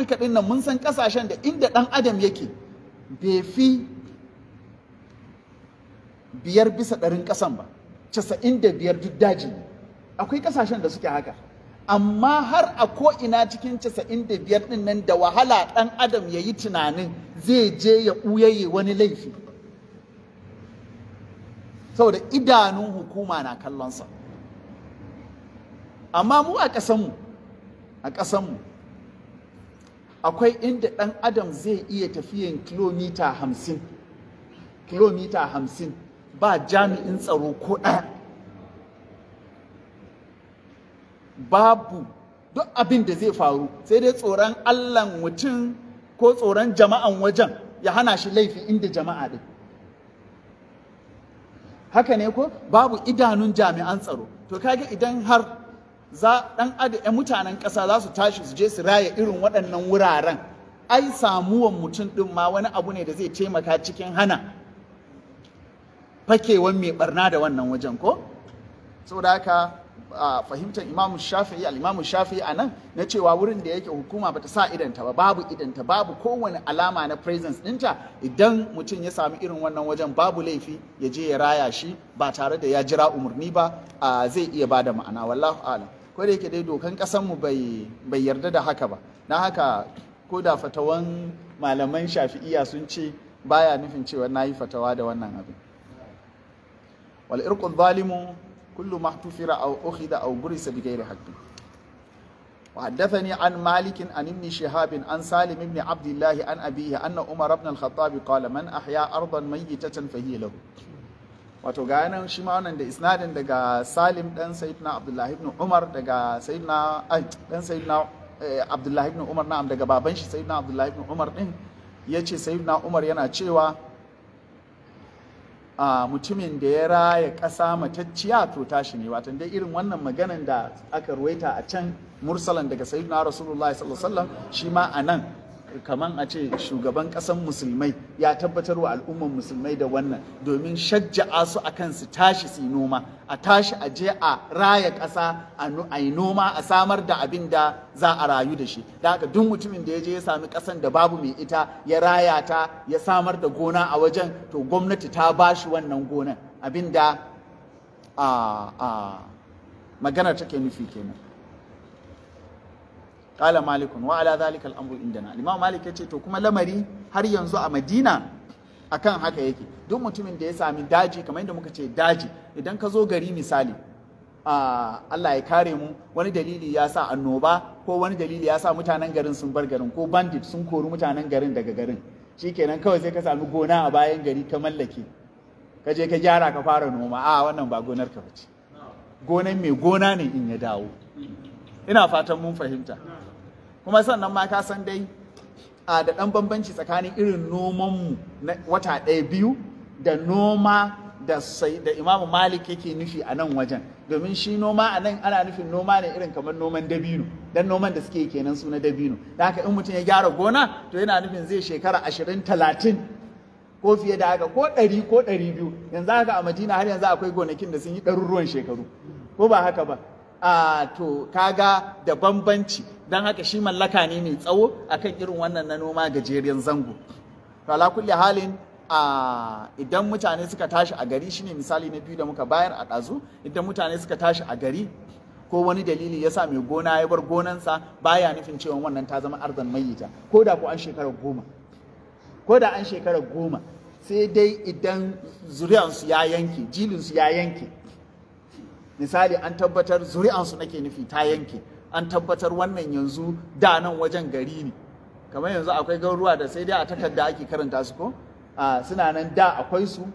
afirka din nan mun san kasashen da inda ɗan adam yake bai fi biyar bisa ɗarin ƙasan ba casa'in da biyar duk daji ne akwai ƙasashen da suke haka amma har a ko'ina cikin casa'in da biyar ɗin nan da wahala ɗan adam ya yi tunanin zai je ya ɓuyaye wani laifi saboda idanun hukuma na kallonsa amma mu a ƙasanmu a ƙasanmu akwai inda ɗan adam zai iya tafiyan kilomita hamsin kilomita hamsin ba jami'in tsaro ko ɗaya babu duk abin da zai faru sai dai tsoron allan mutum ko tsoron jama'an wajen ya hana shi laifi inda jama'a ɗin haka ne ko babu idanun jami'an tsaro to kage idan har za dan adam mutanen ƙasa za su tashi su je su raya irin waɗannan wuraren ai samuwan mutum ɗin ma wani abu ne da zai taimaka cikin hana fakewan mai barna da wannan wajen ko saboda haka fahimtar imamu shafi'i al'imamu shafi'i a nan na cewa wurin da yake hukuma bata sa idanta ba babu ta babu kowane alama na presence ɗinta idan mutum ya samu irin wannan wajen babu laifi ya je ya raya shi ba tare da ya jira umarni ba zai iya bada ma'ana wallahu alam ko da yake dai dokan ƙasanmu bai yarda da haka ba na haka ko da fatawan malaman shafi'iya sun ce baya nufin cewa na yi fatawa da wannan abin wal irqu zalimu kullu mahtufira aw ukhida aw burisa bi ghairi haqqin wa haddathani an malik an ibn shihab an salim ibn abdullah an abihi anna umar ibn al-khattab qala man ahya ardan mayyitatan fahiya lahu wato ga nan shi ma wannan da isnadin daga salim dan sayyidina abdullahi ibn umar daga sayyidina dan sayyidina eh, abdullahi ibn umar na'am daga baban shi sayyidina abdullahi ibn umar din yace sayyidina umar yana cewa a mutumin da ya raya ƙasa matacciya to tashi ne watan dai irin wannan maganan da aka ruwaita a can mursalan daga sayyidina rasulullahi sallallahu alaihi wasallam shi ma a nan kaman a ce shugaban ƙasan musulmai ya tabbatar wa al'ummar musulmai da wannan domin shajja'a su a kan su tashi su noma a tashi a je a raya ƙasa a yi noma a samar da abin da za a rayu da shi da haka duk mutumin da ya je ya sami ƙasan da babu mai ita ya raya ta ya samar da gona a wajen to gwamnati ta ba shi wannan gonan abin da maganar take nufi kenan kala malikun wa ala zalika al'amru na. indana imam malik yace to kuma lamari har yanzu a madina akan haka yake duk mutumin da ya sami daji kamar yadda muka ce daji idan ka zo gari misali Allah ya kare mu wani dalili ya sa annoba ko wani dalili ya sa mutanen garin sun bar garin ko bandit sun kori mutanen garin daga garin shi kenan kawai sai ka sami gona a bayan gari ka mallake ka je ka gyara ka fara noma a wannan ba gonar ka bace gonan mai gona ne in ya dawo ina fatan mun fahimta kuma sannan ma ka san dai a da ɗan bambanci tsakanin irin nomanmu na wata ɗaya biyu da noma da sai da imamu malik yake nufi a nan wajen domin shi noma a nan ana nufin noma ne irin kamar noman dabino dan noman da suke kenan su na dabino da haka in mutum ya gyara gona to yana nufin zai shekara ashirin talatin ko fiye da haka ko ɗari ko ɗari biyu yanzu haka a madina har yanzu akwai gonakin da sun yi ɗaruruwan shekaru ko ba haka ba a to kaga da bambanci don haka shi mallaka ne mai tsawo a kan irin wannan na noma gajeren zango to ala kulli halin idan mutane suka tashi a gari shine misali na biyu da muka bayar a ɗazu idan mutane suka tashi a gari ko wani dalili ya sa mai gona ya bar gonansa baya nufin cewa wannan ta zama arzan mayyita ko da ko an shekarar goma ko da an shekarar goma sai dai idan zuri'ansu ya yanke jilinsu ya yanke misali an tabbatar zuri'ansu nake nufi ta yanke an tabbatar wannan yanzu da nan wajen gari ne kamar yanzu akwai garuruwa da sai dai a takarda ake karanta su ko suna nan da akwai su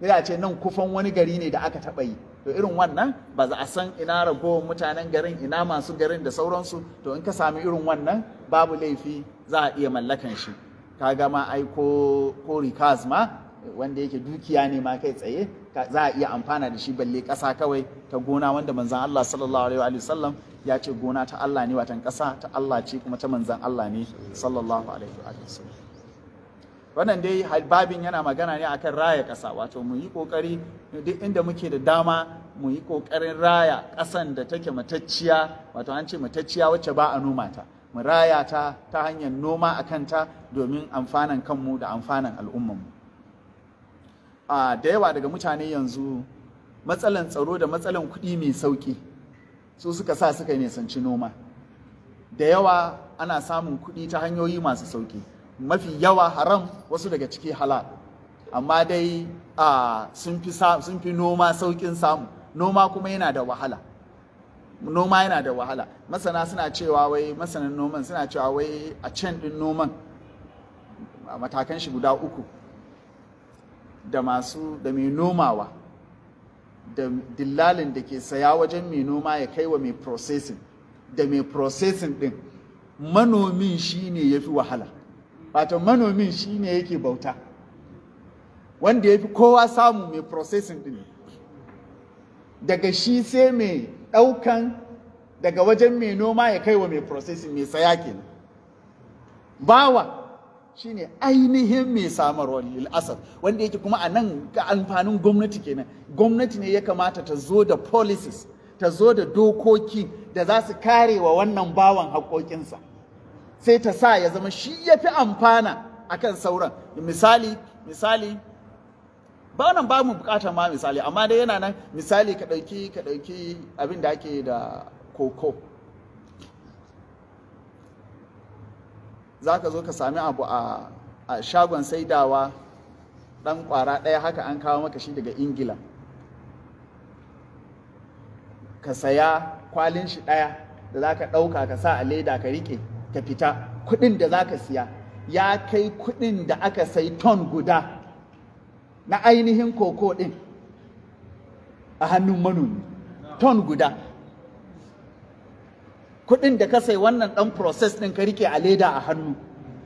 ya ce nan kufan wani gari ne da aka taɓa yi to irin wannan ba za a san ina ragowar mutanen garin ina masu garin da sauransu to in ka sami irin wannan babu laifi za a iya mallakan shi ka gama aiko ko rikaz ma wanda yake dukiya ne ma kai tsaye za a iya amfana da shi balle ƙasa kawai ta gona wanda manzan Allah sallallahu alaihi wa sallam ya ce gona ta Allah ne watan ƙasa ta Allah ce kuma ta manzan Allah ne sallallahu alaihi wa sallam wannan dai babin yana magana ne akan raya ƙasa wato mu yi kokari duk inda muke da dama mu yi ƙoƙarin raya ƙasan da take matacciya wato an ce matacciya wacce ba a noma ta mu raya ta ta hanyar noma a ta domin amfanan kanmu da amfanan al'ummanmu da yawa daga mutane yanzu matsalan tsaro da matsalan kuɗi mai sauƙi su suka sa suka nisanci noma da yawa ana samun kuɗi ta hanyoyi masu sauƙi mafi yawa haram wasu daga ciki halal amma dai sun fi noma sauƙin samu noma kuma yana da wahala noma yana da wahala masana suna cewa wai masanan noman suna cewa wai a can ɗin noman a matakan shi guda uku da masu da mai nomawa da dillalin da ke saya wajen mai noma ya kai wa mai processing da mai processing din manomin shine ya fi wahala bata manomin shine yake bauta wanda ya fi kowa samu mai processing din daga shi sai mai ɗaukan daga wajen mai noma ya kai wa mai processing mai saya kenan bawa shine ainihin mai samarwa lil al'asar. wanda yake kuma a nan ga amfanin gwamnati kenan gwamnati ne ya kamata ta zo da policies ta zo da dokoki da za su kare wa wannan bawan haƙoƙinsa sai ta sa ya zama shi ya fi amfana a kan sauran misali misali ba nan ba mu bukatar ma misali amma dai yana nan misali ka ɗauki ka ɗauki abin da ake da koko za ka zo ka sami abu a shagon saidawa ɗan ƙwara ɗaya haka an kawo maka shi daga ingila ka saya kwalin shi ɗaya da za ka ɗauka ka sa a leda ka riƙe ka fita kuɗin da za ka siya ya kai kuɗin da aka sai ton guda na ainihin koko ɗin a hannun manomi ton guda kuɗin da ka sai wannan ɗan process ɗin ka rike a leda a hannu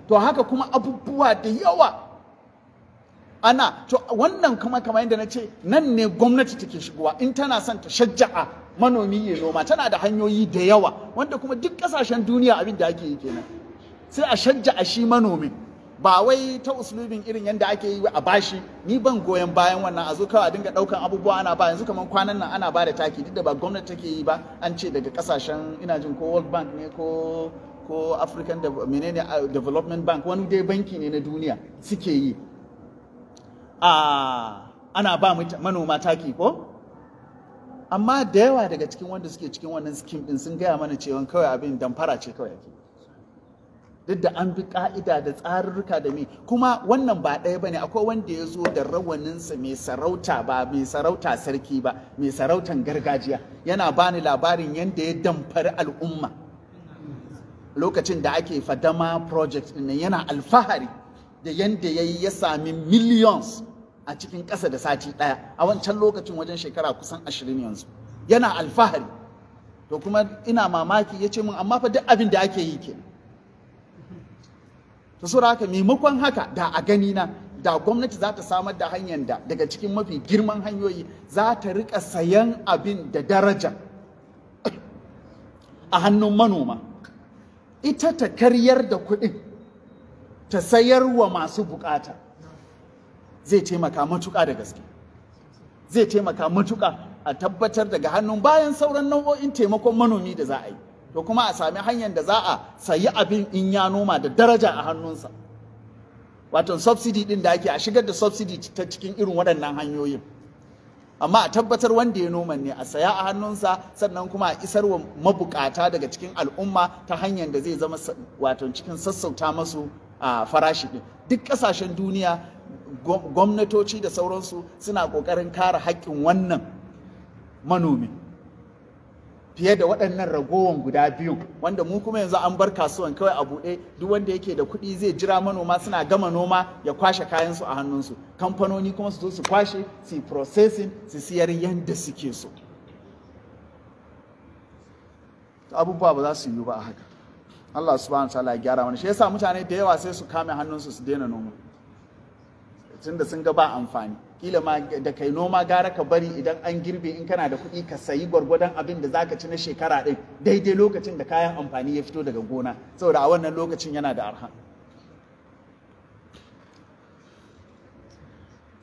to haka kuma abubuwa da yawa ana to wannan kuma kamar yadda na ce nan ne gwamnati take shigowa in tana son ta shajja'a manomi ya noma tana da hanyoyi da yawa wanda kuma duk ƙasashen duniya abin da ake yi kenan sai a shajja'a shi manomin ba wai ta uslubin irin yadda ake yi a bashi ni ban goyon bayan wannan a zo kawai a dinga daukan abubuwa ana ba yanzu kamar kwanan nan ana ba da taki duk da ba gwamnati take yi ba an ce daga kasashen ina jin ko World Bank ne ko ko African menene Development Bank wani dai banki ne na duniya suke yi a ana ba manoma taki ko amma da yawa daga cikin wanda suke cikin wannan skim din sun gaya mana cewa kawai abin damfara ce kawai duk da an bi ka'ida da tsarurruka da me kuma wannan ba ɗaya bane akwai wanda ya zo da rawaninsa mai sarauta ba mai sarauta sarki ba mai sarautan gargajiya yana bani labarin yadda ya damfari al'umma lokacin da ake fadama project ɗin yana alfahari da yadda ya yi ya sami millions a cikin ƙasa da sati ɗaya a wancan lokacin wajen shekara kusan ashirin yanzu yana alfahari to kuma ina mamaki ya ce min amma fa duk abin da ake yi kenan ta sura haka maimakon haka da a gani na da gwamnati za ta samar da hanyar da daga cikin mafi girman hanyoyi za ta rika sayan abin da daraja a hannun manoma ita ta karyar da kuɗin ta sayar wa masu bukata zai taimaka matuƙa da gaske zai taimaka matuƙa a tabbatar daga hannun bayan sauran nau'o'in taimakon manomi da za a yi to kuma a sami hanyar da za a sayi abin in ya noma da daraja a hannunsa wato subsidy din da ake a shigar da subsidy ta cikin irin waɗannan hanyoyin amma a tabbatar wanda ya noma ne a saya a hannunsa sannan kuma a isar wa mabukata daga cikin al'umma ta hanyar da zai zama wato cikin sassauta masu a farashi din duk ƙasashen duniya gwamnatoci da sauransu suna ƙoƙarin kare haƙƙin wannan manomi fiye da waɗannan ragowan guda biyu wanda mu kuma yanzu an bar kasuwan kawai a buɗe duk wanda yake da kuɗi zai jira manoma suna gama noma ya kwashe kayansu a hannunsu kamfanoni kuma su zo su kwashe su processing su siyar yadda suke so abubuwa ba za su yiwu ba a haka Allah subhanahu wa ta'ala ya gyara mana shi yasa mutane da yawa sai su kame hannunsu su daina noma tunda sun ga ba amfani kila ma da kai noma gara ka bari idan an girbe in kana da kuɗi ka sayi gwargwadon abin da zaka ci na shekara ɗin daidai lokacin da kayan amfani ya fito daga gona saboda a wannan lokacin yana da arha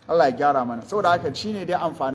Allah ya gyara mana saboda haka